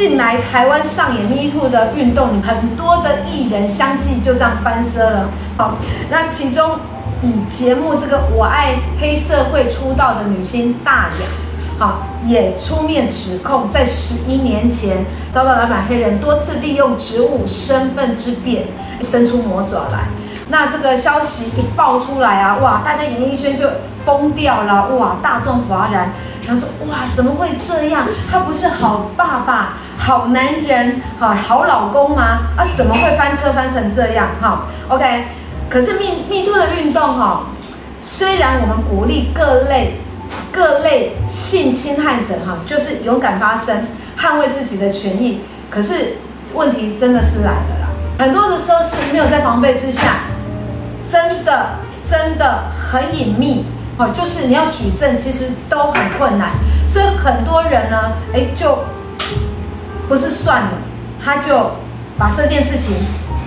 近來台灣上演 Me Too 的運動裡，很多的藝人相繼就這樣翻車了。好，那其中以節目這個我愛黑澀會出道的女星大牙，好，也出面指控，在十一年前遭到老闆黑人多次利用職務身份之便伸出魔爪來。那這個消息一爆出來啊，哇，大家演藝圈就崩掉了，哇，大眾譁然。他說：“哇，怎麼會這樣？他不是好爸爸、好男人、好好老公嗎？啊，怎麼會翻車翻成這樣？哈，OK。可是 Me Too 的運動哈，雖然我們鼓勵各類各類性侵害者哈，就是勇敢發聲，捍衛自己的權益，可是問題真的是來了啦。很多的時候是沒有在防備之下，真的真的很隱秘。”哦，就是你要舉證，其實都很困難，所以很多人呢，哎、欸，就不是算了，他就把這件事情、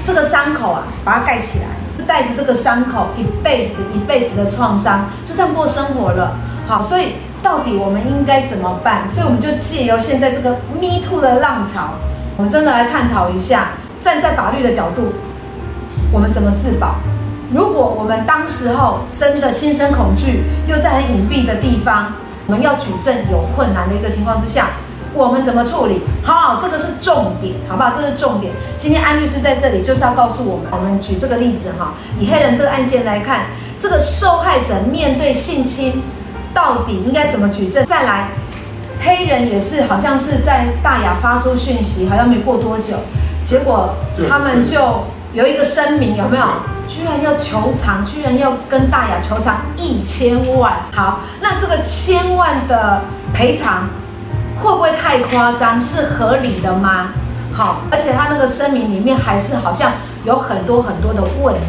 這個傷口啊，把它蓋起來，就帶着這個傷口一輩子、一輩子的創傷，就這樣過生活了。好，所以到底我們應該怎麼辦？所以我們就借由現在這個 Me Too 的浪潮，我們真的來探討一下，站在法律的角度，我們怎麼自保？如果我們當時候真的心生恐懼，又在很隱蔽的地方，我們要舉證有困難的一個情況之下，我們怎麼處理？好，好，這個是重點，好不好？這是重點。今天安律師在這裡就是要告訴我們，我們舉這個例子哈，以黑人這個案件來看，這個受害者面對性侵，到底應該怎麼舉證？再來，黑人也是好像是在大牙發出訊息，好像沒過多久，結果他們就有一個聲明，有沒有？居然要求償，居然要跟大牙求償一千萬。好，那這個千萬的賠償會不會太誇張？是合理的嗎？好，而且他那個聲明裡面還是好像有很多很多的問題。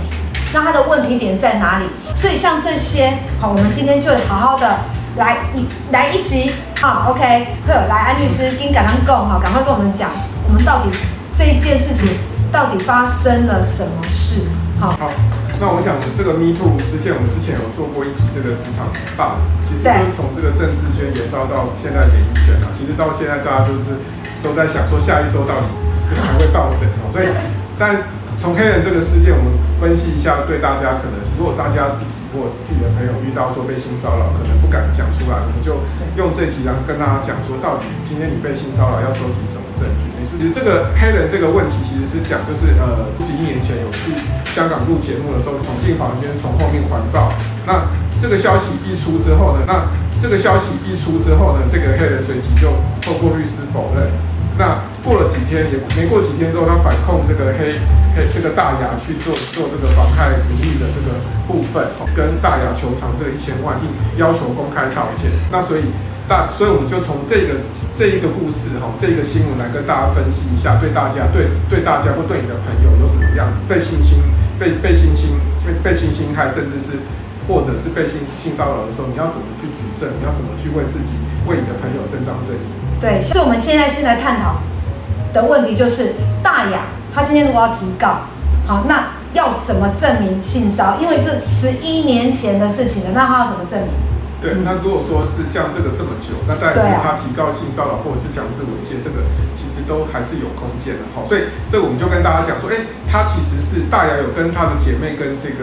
那他的問題點在哪裡？所以像這些，好，我們今天就好好的來一來一集啊、哦。OK，呵，來，安律師跟趕忙跟好，趕快跟我們講，我們到底這一件事情到底發生了什麼事？好，好，那我想這個 Me Too 之前，我們之前有做過一集這個職場霸凌，其實從這個政治圈也燒到現在演藝圈啊,其實到現在大家就是都在想說，下一周到底可能還會爆誰？所以,但從黑人這個事件，我們分析一下，對大家可能，如果大家自己或自己的朋友遇到說被性騷擾，可能不敢講出來，我們就用這幾張跟大家講說，到底今天你被性騷擾要收集什麼證據？其實這個黑人這個問題，其實是講就是呃，十一年前有去。香港錄節目的時候闖進房間，從後面環抱。那這個消息一出之後呢？那這個消息一出之後呢？這個黑人隨即就透過律師否認。那過了幾天，也沒過幾天之後，他反控這個黑黑這個大牙去做做這個妨害名譽的這個部分，哦、跟大牙求償這個一千萬，並要求公開道歉。那所以大所以我們就從這個這一個故事哈、哦，這個新聞來跟大家分析一下，對大家對對大家或對你的朋友有什麼樣被性侵。被被性侵、被被性侵害，甚至是或者是被性性騷擾的時候，你要怎麼去舉證？你要怎麼去為自己、為你的朋友伸張正義？對，所以我們現在先來探討的問題就是，大牙他今天如果要提告，好，那要怎麼證明性騷？因為這十一年前的事情了，那他要怎麼證明？對，那如果說是像這個這麼久，嗯、那但是他提高性騷擾或者是強制猥褻、啊，這個其實都還是有空間的。所以這個、我們就跟大家講說，哎、欸，他其實是大牙有跟他的姐妹跟這個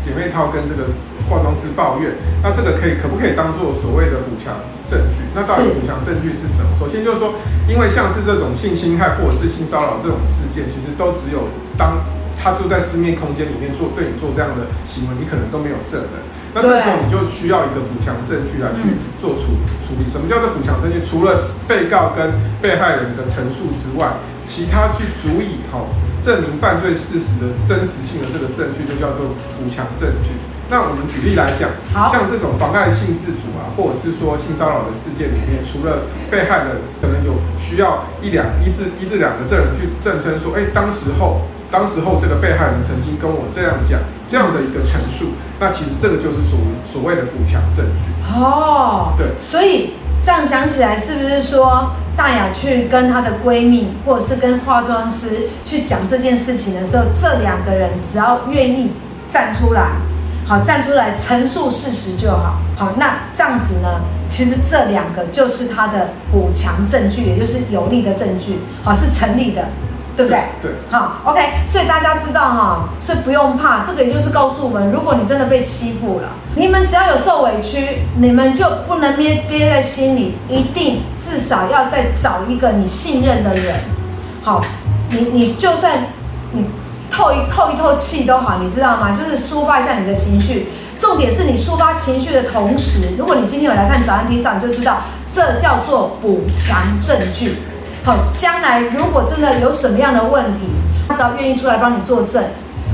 姐妹套跟這個化妝師抱怨，那這個可以可不可以當做所謂的補強證據？那到底補強證據是什麼是？首先就是說，因為像是這種性侵害或者是性騷擾這種事件，其實都只有當他就在私密空間裡面做對你做這樣的行為，你可能都沒有證人。那這時候你就需要一個補強證據來去做處理、嗯、處理。什麼叫做補強證據？除了被告跟被害人的陳述之外，其他去足以哈、哦、證明犯罪事實的真實性的這個證據，就叫做補強證據。那我們舉例來講，像這種妨害性自主啊，或者是說性騷擾的事件裡面，除了被害人可能有需要一兩一至一至兩個證人去證稱說，哎、欸，當時候。當時候，這個被害人曾經跟我這樣講，這樣的一個陳述，那其實這個就是所謂所謂的補強證據哦。對，哦、所以這樣講起來，是不是說大牙去跟她的閨蜜，或者是跟化妝師去講這件事情的時候，這兩個人只要願意站出來，好站出來陳述事實就好，好那這樣子呢，其實這兩個就是她的補強證據，也就是有力的證據，好是成立的。對不對？對，對，好，OK。所以大家知道哈、哦，所以不用怕。這個也就是告訴我們，如果你真的被欺負了，你們只要有受委屈，你們就不能憋憋在心裡，一定至少要再找一個你信任的人。好，你你就算你透一透一透氣都好，你知道嗎？就是抒發一下你的情緒。重點是你抒發情緒的同時，如果你今天有來看找安霆嫂，你就知道這叫做補強證據。好，將來如果真的有什麼樣的問題，他只要願意出來幫你作證，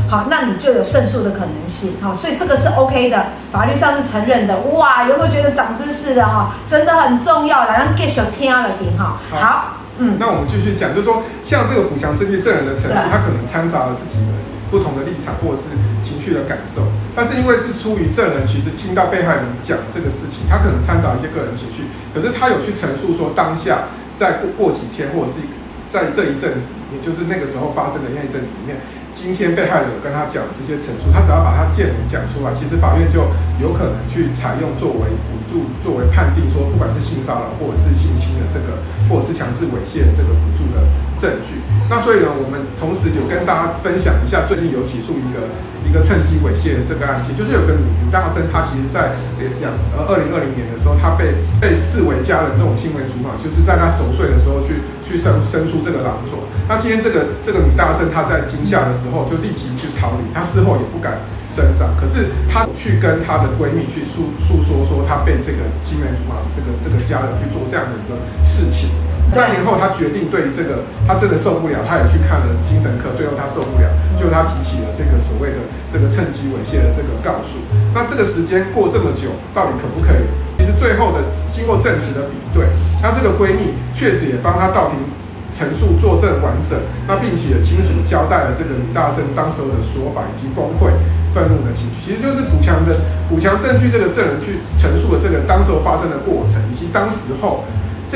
好，那你就有勝訴的可能性。好，所以這個是 OK 的，法律上是承認的。哇，有沒有覺得長知識的哈？真的很重要，來讓 get something 好，嗯，那我們繼續講，就是說，像這個補強證據證人的程度，他可能摻雜了自己的不同的立場或者是情緒的感受，但是因為是出於證人，其實聽到被害人講這個事情，他可能摻雜一些個人情緒，可是他有去陳述說當下。再過過幾天，或者是在這一陣子，也就是那個時候發生的那一陣子裡面，今天被害者跟他講的這些陳述，他只要把他見聞講出來，其實法院就有可能去採用作為輔助，作為判定說，不管是性騷擾或者是性侵的這個，或者是強制猥褻的這個輔助的。證據。那所以呢，我們同時有跟大家分享一下，最近有起訴一個一個趁機猥褻的這個案件，就是有個女女大生，她其實在兩呃二零二零年的時候，她被被視為家人這種青梅竹馬，就是在她熟睡的時候去去伸，伸出這個狼爪。那今天這個這個女大生她在驚嚇的時候就立即去逃離，她事後也不敢聲張，可是她去跟她的閨蜜去訴訴說，說她被這個青梅竹馬這個這個家人去做這樣的一個事情。三年後，他決定對於這個，他真的受不了，他也去看了精神科，最後他受不了，就他提起了這個所謂的這個趁機猥褻的這個告訴。那這個時間過這麼久，到底可不可以？其實最後的經過證實的比對，那這個閨蜜確實也幫他到庭陳述作證完整，那並且親屬交代了這個李大勝當時候的說法以及崩潰憤怒的情緒，其實就是補強的補強證據，這個證人去陳述了這個當時候發生的過程以及當時候。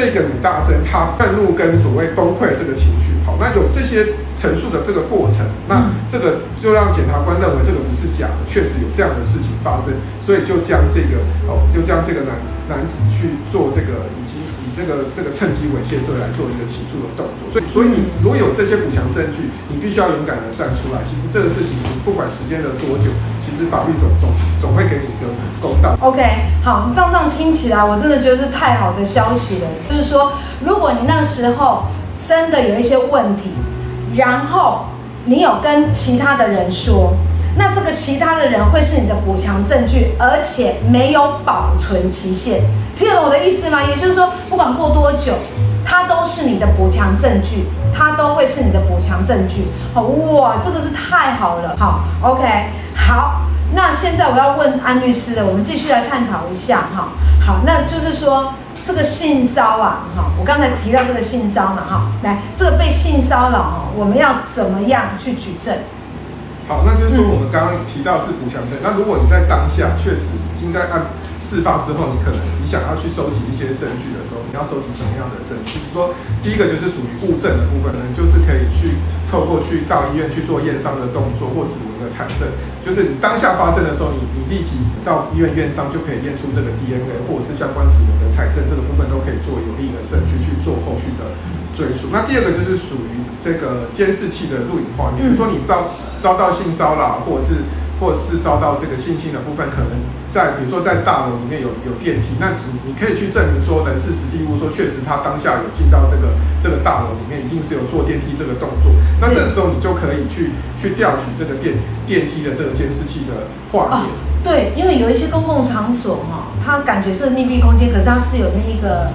這個女大生，她憤怒跟所謂崩潰這個情緒，好，那有這些陳述的這個過程，那這個就讓檢察官認為這個不是假的，確實有這樣的事情發生，所以就將這個哦，就將這個男男子去做這個已經。這個這個趁機猥褻罪來做一個起訴的動作，所以所以你如果有這些補強證據，你必須要勇敢的站出來。其實這個事情，不管時間的多久，其實法律總總總會給你一個公道。OK，好，這樣這樣聽起來我真的覺得是太好的消息了。就是說，如果你那時候真的有一些問題，然後你有跟其他的人說，那這個其他的人會是你的補強證據，而且沒有保存期限。聽懂我的意思嗎？也就是說，不管過多久，它都是你的補強證據，它都會是你的補強證據。好哇，這個是太好了。好，OK，好。那現在我要問安律師了，我們繼續來探討一下哈。好，那就是說這個性騷擾、啊、哈，我剛才提到這個性騷擾哈，來，這個被性騷擾哈，我們要怎麼樣去舉證？好，那就是說我們剛剛提到是補強證、嗯，那如果你在當下確實已經在按。釋放之後，你可能你想要去收集一些證據的時候，你要收集什麼樣的證據？比如說，第一個就是屬於物證的部分呢，可能就是可以去透過去到醫院去做驗傷的動作，或指紋的採證，就是你當下發生的時候，你你立即到醫院驗傷，就可以驗出這個 DNA 或者是相關指紋的採證，這個部分都可以做有力的證據去做後續的追訴。那第二個就是屬於這個監視器的錄影畫面，你比如說你遭遭到性騷擾，或者是。或是遭到這個性侵的部分，可能在比如說在大樓裡面有有電梯，那你你可以去證明說的事實地物，說確實他當下有進到這個這個大樓裡面，一定是有坐電梯這個動作。那這個時候你就可以去去調取這個電電梯的這個監視器的畫面。哦，對，因為有一些公共場所哈、哦，它感覺是密閉空間，可是它是有那一個。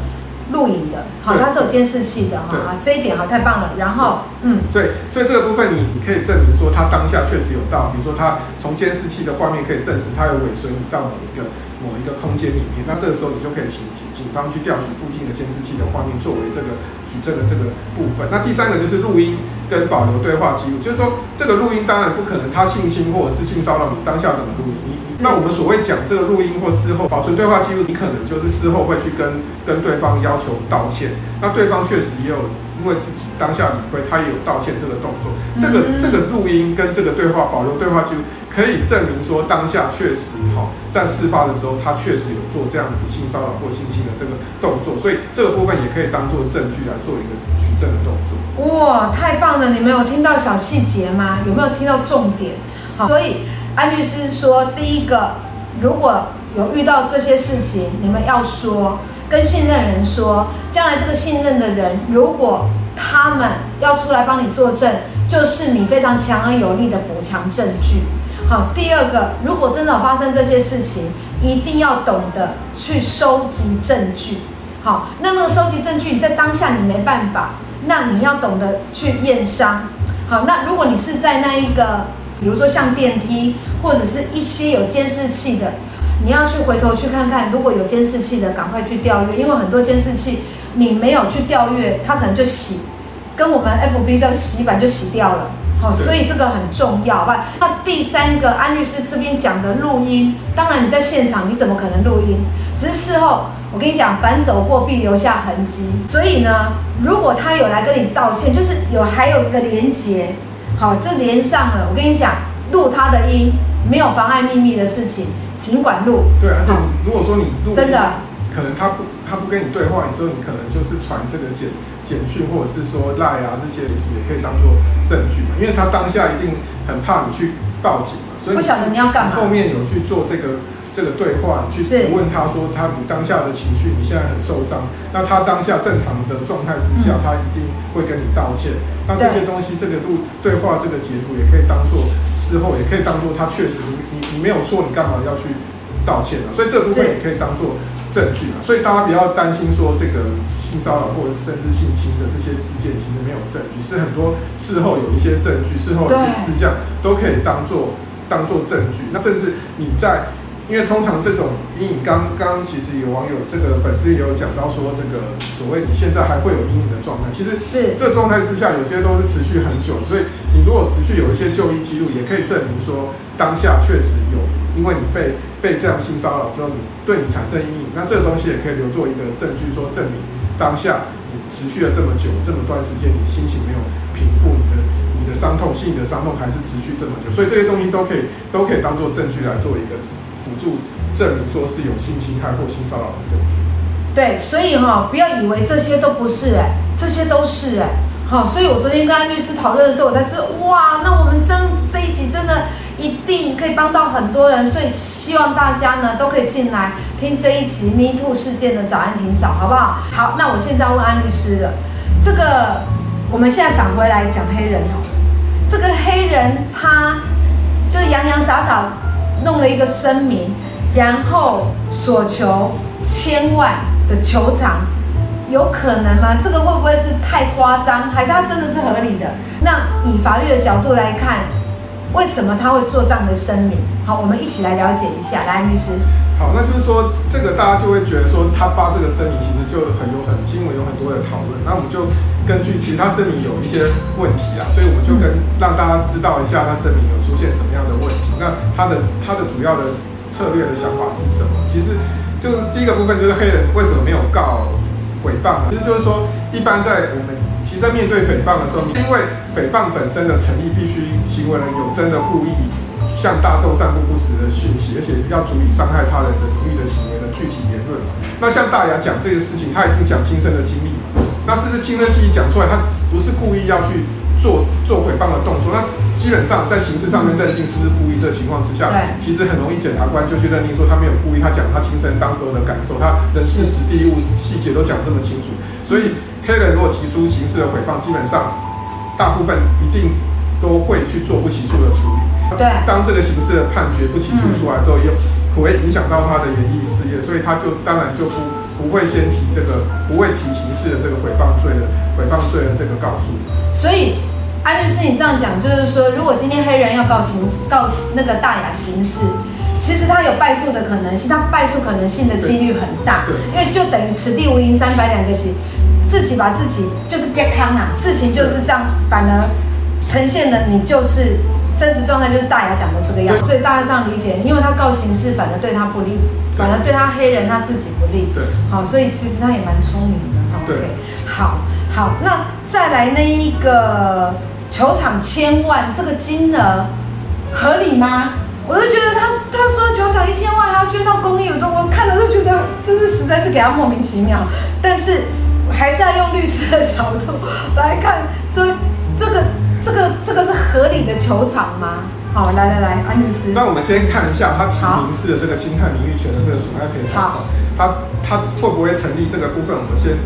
錄影的好，它是有監視器的哈，這一點好，太棒了。然後，嗯，所以，所以這個部分你你可以證明說他當下確實有到，比如說他從監視器的畫面可以證實他有尾隨你到某一個某一個空間裡面，那這個時候你就可以請警警方去調取附近的監視器的畫面作為這個舉證的這個部分。那第三個就是錄音。跟保留對話記錄，就是說這個錄音當然不可能，他性侵或者是性騷擾你當下怎麼錄音？你你那我們所謂講這個錄音或事後保存對話記錄，你可能就是事後會去跟跟對方要求道歉，那對方確實也有因為自己當下理虧，他也有道歉這個動作。這個這個錄音跟這個對話保留對話記錄。可以證明說，當下確實哈，在事發的時候，他確實有做這樣子性騷擾或性侵的這個動作，所以這個部分也可以當做證據來做一個舉證的動作。哇，太棒了！你們有聽到小細節嗎？有沒有聽到重點？好，所以安律師說，第一個，如果有遇到這些事情，你們要說跟信任人說，將來這個信任的人如果他們要出來幫你作證，就是你非常強而有力的補強證據。好，第二個，如果真的發生這些事情，一定要懂得去收集證據。好，那那個收集證據，你在當下你沒辦法，那你要懂得去驗傷。好，那如果你是在那一個，比如說像電梯或者是一些有監視器的，你要去回頭去看看，如果有監視器的，趕快去調閱，因為很多監視器你沒有去調閱，它可能就洗，跟我們 FB 這個洗板就洗掉了。哦，所以這個很重要吧？那第三個，安律師這邊講的錄音，當然你在現場你怎麼可能錄音？只是事後，我跟你講，凡走過必留下痕跡。所以呢，如果他有來跟你道歉，就是有還有一個連結，好、哦，這連上了。我跟你講，錄他的音，沒有妨礙秘密的事情，儘管錄。對，而且你、嗯、如果說你錄真的，可能他不他不跟你對話的時候，你可能就是傳這個簡。簡訊或者是說賴啊，這些也可以當做證據嘛，因為他當下一定很怕你去報警嘛，所以不曉得你要幹嘛。後面有去做這個這個對話，你去問他說他你當下的情緒，你現在很受傷，那他當下正常的狀態之下、嗯，他一定會跟你道歉。那這些東西，這個對對話這個截圖也可以當做事後，也可以當做他確實你你，你沒有錯，你幹嘛要去道歉啊？所以這部分也可以當做證據嘛，所以大家不要擔心說這個。性騷擾或者甚至性侵的這些事件其實沒有證據，是很多事後有一些證據，事後事項都可以當做當做證據。那甚至你在，因為通常這種陰影，剛剛其實有網友這個粉絲也有講到說，這個所謂你現在還會有陰影的狀態，其實這狀態之下有些都是持續很久，所以你如果持續有一些就醫記錄，也可以證明說當下確實有。因為你被被這樣性騷擾之後你，你對你產生陰影，那這個東西也可以留作一個證據，說證明當下你持續了這麼久，這麼段時間你心情沒有平復，你的你的傷痛，心裡的傷痛還是持續這麼久，所以這些東西都可以都可以當做證據來做一個輔助證明，說是有性侵害或性騷擾的證據。對，所以哈、哦，不要以為這些都不是、欸，誒，這些都是、欸，誒。好，所以我昨天跟安律師討論的時候，我才知道，哇，那我們真這一集真的。一定可以幫到很多人，所以希望大家呢都可以進來聽這一集 Me Too 事件的早安霆嫂好不好？好，那我現在問安律師了。這個，我們現在返回來講黑人哦。這個黑人他就是洋洋灑灑弄了一個聲明，然後索求千萬的求償，有可能嗎？這個會不會是太誇張，還是他真的是合理的？那以法律的角度來看。為什麼他會做這樣的聲明？好，我們一起來了解一下。來，安律師。好，那就是說，這個大家就會覺得說，他發這個聲明其實就很有很新聞，有很多的討論。那我們就根據其他聲明有一些問題啦，所以我們就跟、嗯、讓大家知道一下，他聲明有出現什麼樣的問題。那他的他的主要的策略的想法是什麼？其實就是第一個部分，就是黑人為什麼沒有告誹謗啊？其實就是說，一般在我們。其實，在面對誹謗的時候，因為誹謗本身的成立必須行為人有真的故意向大眾散布不實的訊息，而且要足以傷害他人的名譽的行為的具體言論，那像大牙講這些事情，他一定講親身的經歷，那是不是親身經歷講出來，他不是故意要去做做誹謗的動作？那基本上在刑事上面認定、嗯、是不是故意這個情況之下、嗯，其實很容易檢察官就去認定說他沒有故意，他講他親身當時候的感受、嗯，他的事實、地物、細節都講這麼清楚，所以。黑人如果提出刑事的誹謗，基本上大部分一定都會去做不起訴的處理。對，當這個刑事的判決不起訴出來之後，又、嗯、會影響到他的演藝事業，所以他就當然就不不會先提這個，不會提刑事的這個誹謗罪的誹謗罪的這個告訴。所以，安律師，你這樣講就是說，如果今天黑人要告刑告那個大牙刑事、嗯，其實他有敗訴的可能性，他敗訴可能性的幾率很大。對，對，因為就等於此地無銀三百兩個刑。自己把自己就是別看啊，事情就是這樣，反而呈現的你就是真實狀態，就是大牙講的這個樣，所以大家這樣理解。因為他告刑事，反而對他不利，反而對他黑人他自己不利。對，好，所以其實他也蠻聰明的。OK，好好，那再來那一個求償千萬這個金額合理嗎？我就覺得他他說求償一千萬，他要捐到公益，我說我看了就覺得真的實在是給他莫名其妙，但是。還是要用律師的角度來看，所以這個這個這個是合理的求償嗎？好，來來來，安律師，嗯、那我們先看一下他提民事的這個侵害名譽權的這個損害賠償，他他會不會成立這個部分？我們先。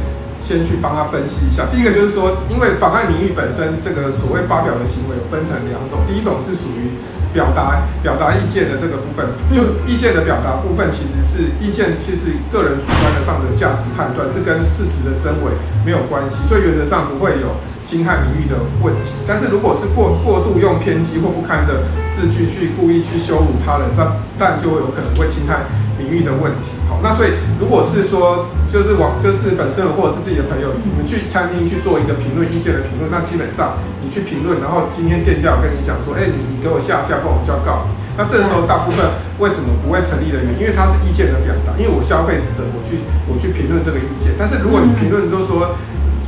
先去幫他分析一下。第一個就是說，因為妨礙名譽本身，這個所謂發表的行為分成兩種。第一種是屬於表達表達意見的這個部分，就意見的表達部分，其實是意見，其實個人主觀上的價值判斷是跟事實的真偽沒有關係，所以原則上不會有侵害名譽的問題。但是如果是過過度用偏激或不堪的字句去故意去羞辱他人，但但就有可能會侵害。名譽的問題，好，那所以如果是說，就是往就是本身或者是自己的朋友，你去餐廳去做一個評論意見的評論，那基本上你去評論，然後今天店家有跟你講說，誒、欸，你你給我下架，幫我叫告你，那這時候大部分為什麼不會成立的原因，因為他是意見的表達，因為我消費者我去我去評論這個意見，但是如果你評論就是說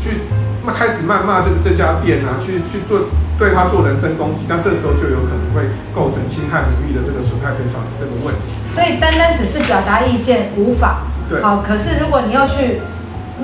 去。他開始謾罵這個這家店啊，去去做對他做人身攻擊，那這時候就有可能會構成侵害名譽的這個損害賠償這個問題。所以單單只是表達意見無法，對，好，可是如果你要去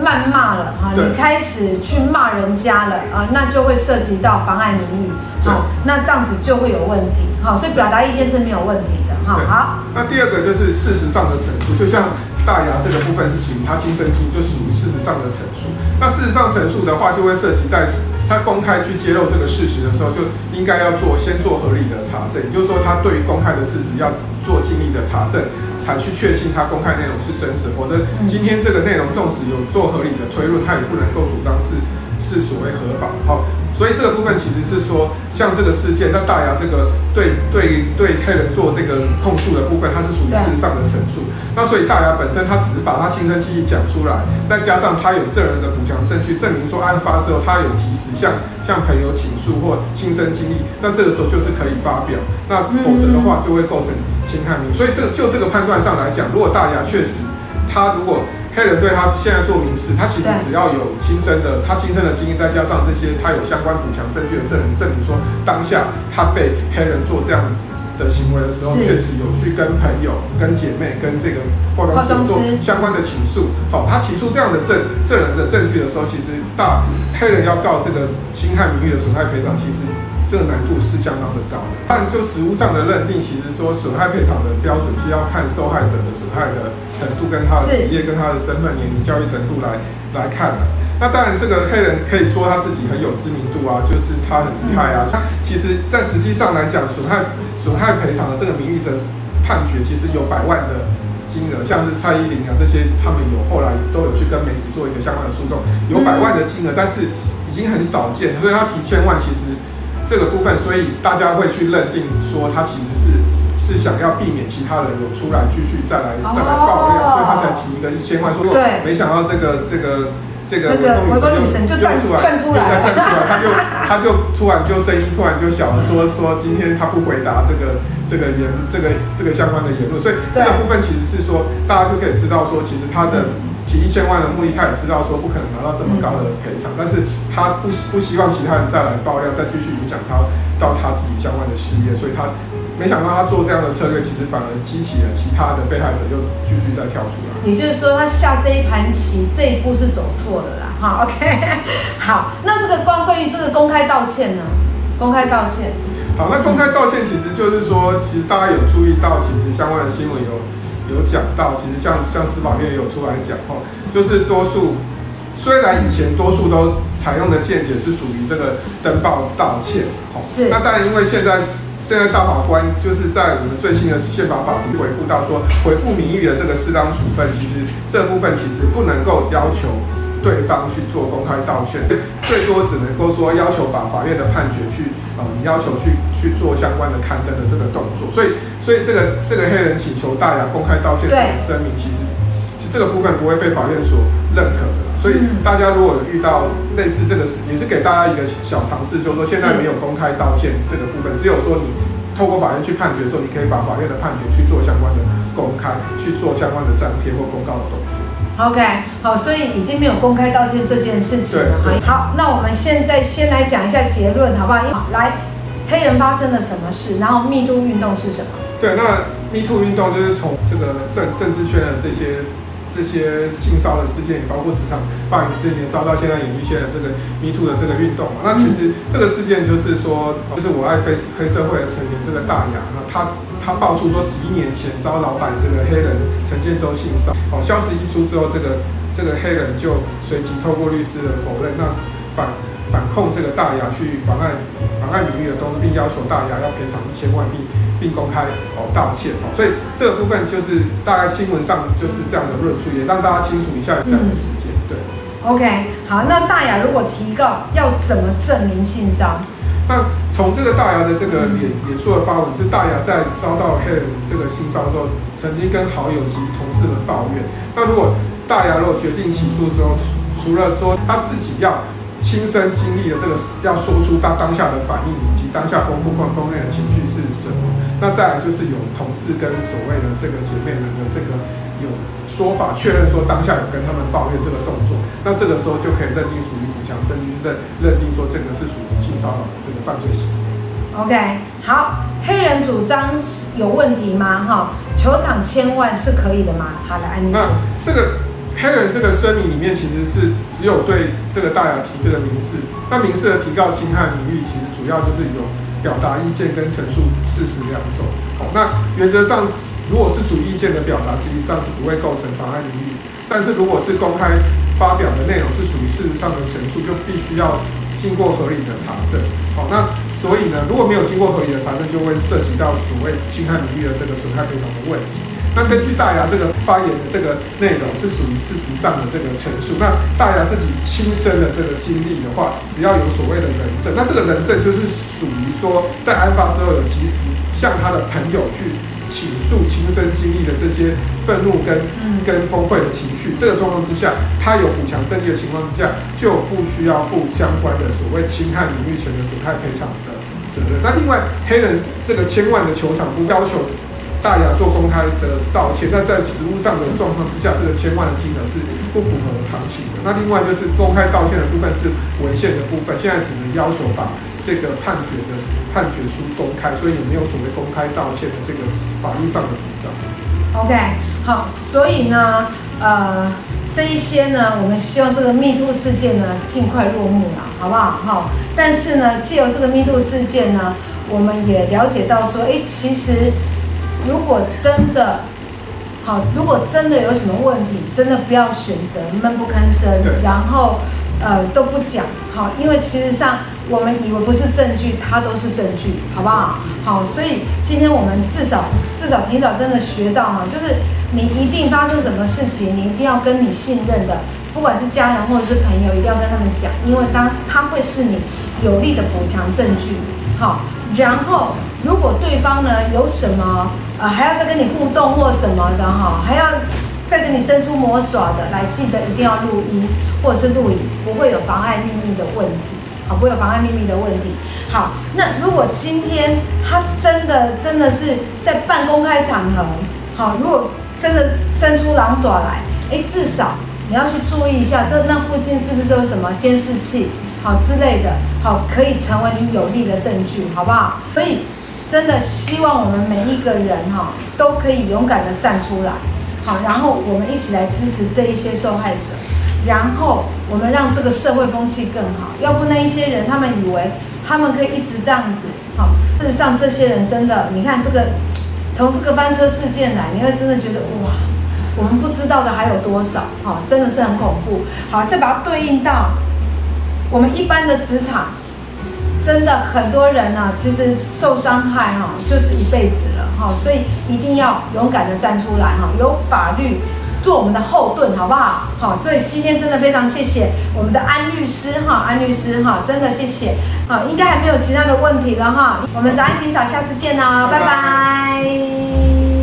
謾罵了哈，你開始去罵人家了啊、呃，那就會涉及到妨礙名譽，對，那這樣子就會有問題，好，所以表達意見是沒有問題的哈。好，那第二個就是事實上的陳述，就像大牙這個部分是屬於他親身經歷，就屬於事實上的陳述。那事實上，陳述的話就會涉及在他公開去揭露這個事實的時候，就應該要做先做合理的查證，也就是說，他對於公開的事實要做盡力的查證，才去確信他公開內容是真實，否則今天這個內容，縱使有做合理的推論，他也不能夠主張是。是所謂合法。好，所以這個部分其實是說，像這個事件，那大牙這個對對對黑人做這個控訴的部分，它是屬於事實上的陳述。那所以大牙本身他只是把他親身經歷講出來，再加上他有證人的補強證據，證明說案發時候他有及時向向朋友傾訴或親身經歷，那這個時候就是可以發表。那否則的話就會構成侵害名譽。嗯嗯，所以這就這個判斷上來講，如果大牙確實他如果。黑人對他現在做民事，他其實只要有親身的，他親身的經歷，再加上這些他有相關補強證據的證人證明說，當下他被黑人做這樣子的行為的時候，確實有去跟朋友、跟姐妹、跟這個化妝師做相關的傾訴。好、哦，他提出這樣的證證人的證據的時候，其實大黑人要告這個侵害名譽的損害賠償，其實。這個難度是相當的高的。但就實務上的認定，其實說損害賠償的標準是要看受害者的損害的程度，跟他的職業、跟他的身份、年齡、教育程度來來看的、啊。那當然，這個黑人可以說他自己很有知名度啊，就是他很厲害啊。他其實，在實際上來講，損害損害賠償的這個名譽的判決，其實有百萬的金額，像是蔡依林啊這些，他們有後來都有去跟媒體做一個相關的訴訟，有百萬的金額，但是已經很少見，所以他提千萬，其實。這個部分，所以大家會去認定說，他其實是是想要避免其他人有出來繼續再來、oh. 再來爆料，所以他才提一個一千萬。說沒想到這個這個。這個迴工女、那個、女神就出來，站，站，出來站出來，他就他就突然就聲音突然就小了說，說 說今天他不回答這個這個言這個、這個、這個相關的言論，所以這個部分其實是說，大家就可以知道說，其實他的提、嗯、一千萬的目的，他也知道說不可能拿到這麼高的賠償，嗯、但是他不不希望其他人再來爆料，再繼續影響他、嗯、到他自己相關的事業，所以他。沒想到他做這樣的策略，其實反而激起了其他的被害者，又繼續再跳出來。也就是說，他下這一盤棋，嗯，這一步是走錯了啦。好，嗯，OK，好。那這個關關於這個公開道歉呢？公開道歉。好，那公開道歉其實就是說，其實大家有注意到，其實相關的新聞有有講到，其實像像司法院也有出來講哦，就是多數雖然以前多數都採用的見解是屬於這個登報道歉，哈、哦、嗯，是。那但因為現在。現在大法官就是在我們最新的憲法法庭回復到說，回復名譽的這個適當處分，其實這個部分其實不能夠要求對方去做公開道歉，最多只能夠說要求把法院的判決去，啊、你要求去去做相關的刊登的這個動作。所以，所以這個這個黑人請求大牙公開道歉的聲明，其實，其實這個部分不會被法院所認可的。所以大家如果有遇到類似這個，也是給大家一個小嘗試，就是說現在沒有公開道歉這個部分，只有說你透過法院去判決的時候，你可以把法院的判決去做相關的公開，去做相關的張貼或公告的動作。OK，好，所以已經沒有公開道歉這件事情了。好，那我們現在先來講一下結論，好不好，好？來，黑人發生了什麼事？然後，MeToo 運動是什麼？對，那 MeToo 運動就是從這個政政治圈的這些。這些性騷的事件，也包括職場霸凌事件，燒到現在演藝圈的這個 Me too 的這個運動嘛、嗯？那其實這個事件就是說，就是我愛黑澀會的成員這個大牙他他爆出說十一年前遭老板這個黑人陳建州性騷哦，消息一出之後，這個這個黑人就隨即透過律師的否認，那反，反控這個大牙去妨礙妨礙名譽的東西，並要求大牙要賠償一千萬幣，並公開哦道歉哦，所以這個部分就是大概新聞上就是這樣的論述、嗯，也讓大家清楚一下這樣的事件、嗯。對，OK，好，那大牙如果提告，要怎麼證明性騷？那從這個大牙的這個臉臉書的發文，是大牙在遭到黑人這個性騷的時候，曾經跟好友及同事的抱怨。那如果大牙如果決定起訴之後、嗯，除了說他自己要。親身經歷的這個，要說出他當下的反應，以及當下部分分裂的情緒是什麼。那再來就是有同事跟所謂的這個姐妹們的這個有說法確認說，當下有跟他們抱怨這個動作。那這個時候就可以認定屬於補強證據，認認定說這個是屬於性騷擾的這個犯罪行為。OK，好，黑人主張有問題嗎？哈、哦，求償千萬是可以的嗎？好的，安妮。那這個。黑人這個聲明裡面其實是只有對這個大牙提這個民事，那民事的提告侵害名譽，其實主要就是有表達意見跟陳述事實兩種。好、哦，那原則上如果是屬意見的表達，實際上是不會構成妨礙名譽；但是如果是公開發表的內容是屬於事實上的陳述，就必須要經過合理的查證。好、哦，那所以呢，如果沒有經過合理的查證，就會涉及到所謂侵害名譽的這個損害賠償的問題。那根據大牙這個發言的這個內容，是屬於事實上的這個陳述。那大牙自己親身的這個經歷的話，只要有所謂的人證，那這個人證就是屬於說，在案發之後有及時向他的朋友去傾訴親身經歷的這些憤怒跟跟崩潰的情緒，嗯。這個狀況之下，他有補強證據的情況之下，就不需要負相關的所謂侵害名譽權的損害賠償的責任。那另外，黑人這個千萬的求償不要求大牙做公開的道歉，但在實務上的狀況之下，這個千萬金額是不符合行情的。那另外就是公開道歉的部分是違憲的部分，現在只能要求把這個判決的判決書公開，所以也沒有所謂公開道歉的這個法律上的主張。OK，好，所以呢，呃，這一些呢，我們希望這個 MeToo 事件呢，盡快落幕了，好不好？好，但是呢，借由這個 MeToo 事件呢，我們也了解到說，哎、欸，其實。如果真的好，如果真的有什麼問題，真的不要選擇悶不吭聲，然後呃都不講好因為其實上我們以為不是證據，它都是證據，好不好？好，所以今天我們至少至少提早真的學到哈，就是你一定發生什麼事情，你一定要跟你信任的，不管是家人或者是朋友，一定要跟他們講，因為他他會是你有力的補強證據，好，然後如果對方呢有什麼。啊、呃，還要再跟你互動或什麼的哈，還要再跟你伸出魔爪的來，記得一定要錄音或者是錄影，不會有妨害秘密的問題，好，不會有妨害秘密的問題。好，那如果今天他真的真的是在半公開場合，好，如果真的伸出狼爪來，哎、欸，至少你要去注意一下，這那附近是不是有什麼監視器，好之類的，好，可以成為你有力的證據，好不好？所以。真的希望我們每一個人哈都可以勇敢的站出來，好，然後我們一起來支持這一些受害者，然後我們讓這個社會風氣更好。要不那一些人他們以為他們可以一直這樣子，事實上這些人真的，你看這個從這個翻車事件來，你會真的覺得哇，我們不知道的還有多少，真的是很恐怖。好，再把它對應到我們一般的職場。真的很多人呢、啊，其實受傷害哈，就是一輩子了哈，所以一定要勇敢的站出來哈，有法律做我們的後盾，好不好？好，所以今天真的非常謝謝我們的安律師哈，安律師哈，真的謝謝。好，應該還沒有其他的問題了哈，我們找安霆嫂，下次見哦拜拜。拜拜。